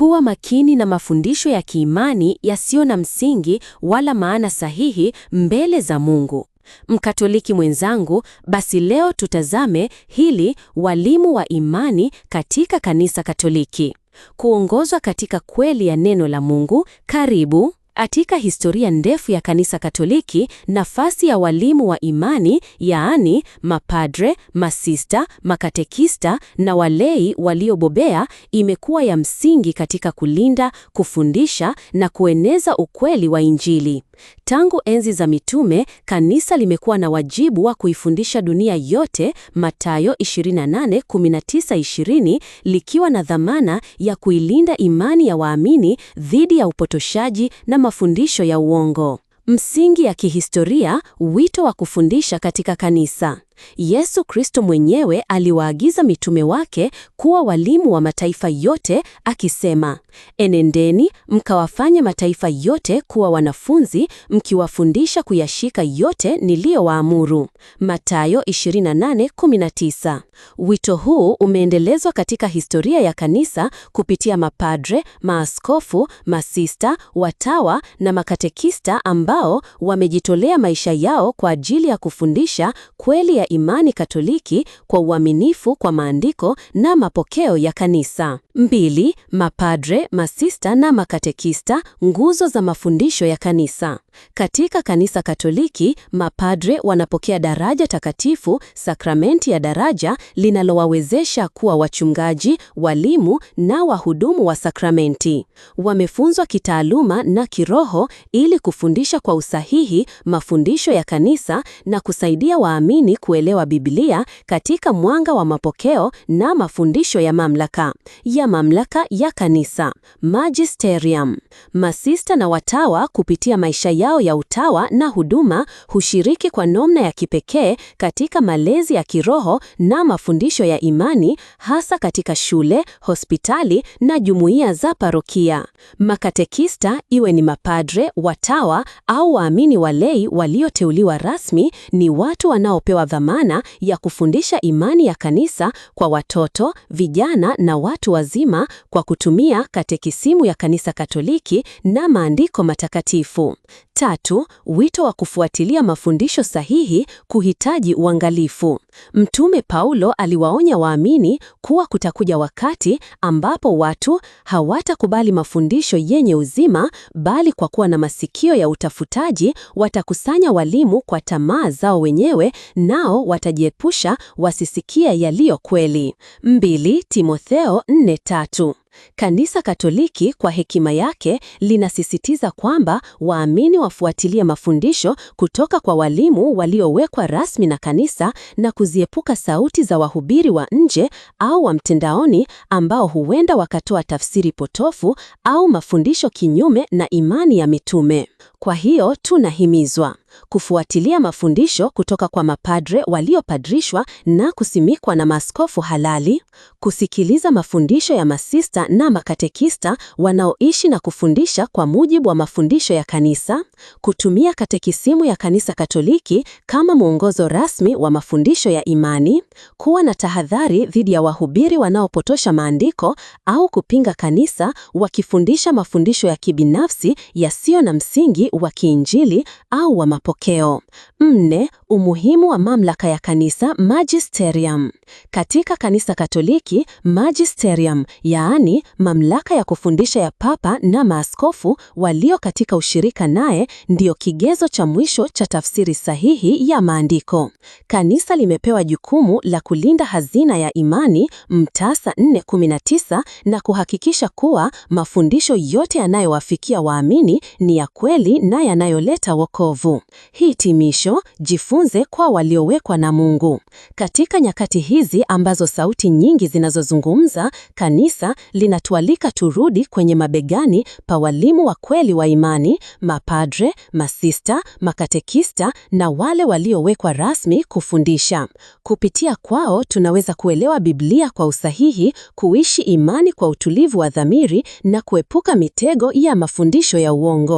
Kuwa makini na mafundisho ya kiimani yasiyo na msingi wala maana sahihi mbele za Mungu. Mkatoliki mwenzangu, basi leo tutazame hili: walimu wa imani katika Kanisa Katoliki, kuongozwa katika kweli ya neno la Mungu. Karibu. Katika historia ndefu ya Kanisa Katoliki, nafasi ya walimu wa imani, yaani mapadre, masista, makatekista na walei waliobobea imekuwa ya msingi katika kulinda, kufundisha na kueneza ukweli wa Injili. Tangu enzi za mitume, kanisa limekuwa na wajibu wa kuifundisha dunia yote Mathayo 28:19-20, likiwa na dhamana ya kuilinda imani ya waamini dhidi ya upotoshaji na mafundisho ya uongo. Msingi ya kihistoria, wito wa kufundisha katika kanisa. Yesu Kristo mwenyewe aliwaagiza mitume wake kuwa walimu wa mataifa yote akisema, enendeni mkawafanye mataifa yote kuwa wanafunzi, mkiwafundisha kuyashika yote niliyowaamuru. Mathayo 28:19. Wito huu umeendelezwa katika historia ya kanisa kupitia mapadre, maaskofu, masista, watawa na makatekista ambao wamejitolea maisha yao kwa ajili ya kufundisha kweli ya imani Katoliki kwa uaminifu kwa maandiko na mapokeo ya kanisa. Mbili, mapadre, masista na makatekista, nguzo za mafundisho ya kanisa. Katika kanisa Katoliki, mapadre wanapokea daraja takatifu, sakramenti ya daraja linalowawezesha kuwa wachungaji, walimu na wahudumu wa sakramenti. Wamefunzwa kitaaluma na kiroho ili kufundisha kwa usahihi mafundisho ya kanisa na kusaidia waamini kuelewa Biblia katika mwanga wa mapokeo na mafundisho ya mamlaka ya mamlaka ya kanisa magisterium. Masista na watawa kupitia maisha yao ya utawa na huduma hushiriki kwa namna ya kipekee katika malezi ya kiroho na mafundisho ya imani, hasa katika shule, hospitali na jumuiya za parokia. Makatekista, iwe ni mapadre, watawa au waamini walei walioteuliwa rasmi, ni watu wanaopewa dhamana ya kufundisha imani ya kanisa kwa watoto, vijana na watu wazima kwa kutumia katekisimu ya Kanisa Katoliki na maandiko matakatifu. Tatu, wito wa kufuatilia mafundisho sahihi kuhitaji uangalifu. Mtume Paulo aliwaonya waamini kuwa kutakuja wakati ambapo watu hawatakubali mafundisho yenye uzima, bali kwa kuwa na masikio ya utafutaji watakusanya walimu kwa tamaa zao wenyewe nao nao watajiepusha wasisikia yaliyo kweli. Mbili, Timotheo tatu. Kanisa Katoliki kwa hekima yake linasisitiza kwamba waamini wafuatilie mafundisho kutoka kwa walimu waliowekwa rasmi na kanisa na kuziepuka sauti za wahubiri wa nje au wa mtandaoni ambao huenda wakatoa tafsiri potofu au mafundisho kinyume na imani ya mitume. Kwa hiyo tunahimizwa kufuatilia mafundisho kutoka kwa mapadre waliopadrishwa na kusimikwa na maaskofu halali, kusikiliza mafundisho ya masista na makatekista wanaoishi na kufundisha kwa mujibu wa mafundisho ya kanisa, kutumia katekisimu ya Kanisa Katoliki kama mwongozo rasmi wa mafundisho ya imani, kuwa na tahadhari dhidi ya wahubiri wanaopotosha maandiko au kupinga kanisa wakifundisha mafundisho ya kibinafsi yasiyo na msingi wa kiinjili au wa mapokeo. Nne, umuhimu wa mamlaka ya kanisa magisterium. Katika kanisa Katoliki, magisterium, yaani mamlaka ya kufundisha ya papa na maaskofu walio katika ushirika naye, ndiyo kigezo cha mwisho cha tafsiri sahihi ya maandiko. Kanisa limepewa jukumu la kulinda hazina ya imani, Mtasa 4:19, na kuhakikisha kuwa mafundisho yote yanayowafikia waamini ni ya kweli na yanayoleta wokovu. Hitimisho: jifunze kwa waliowekwa na Mungu. Katika nyakati hizi ambazo sauti nyingi zinazozungumza, kanisa linatualika turudi kwenye mabegani pa walimu wa kweli wa imani, mapadre, masista, makatekista na wale waliowekwa rasmi kufundisha. Kupitia kwao tunaweza kuelewa Biblia kwa usahihi, kuishi imani kwa utulivu wa dhamiri na kuepuka mitego ya mafundisho ya uongo.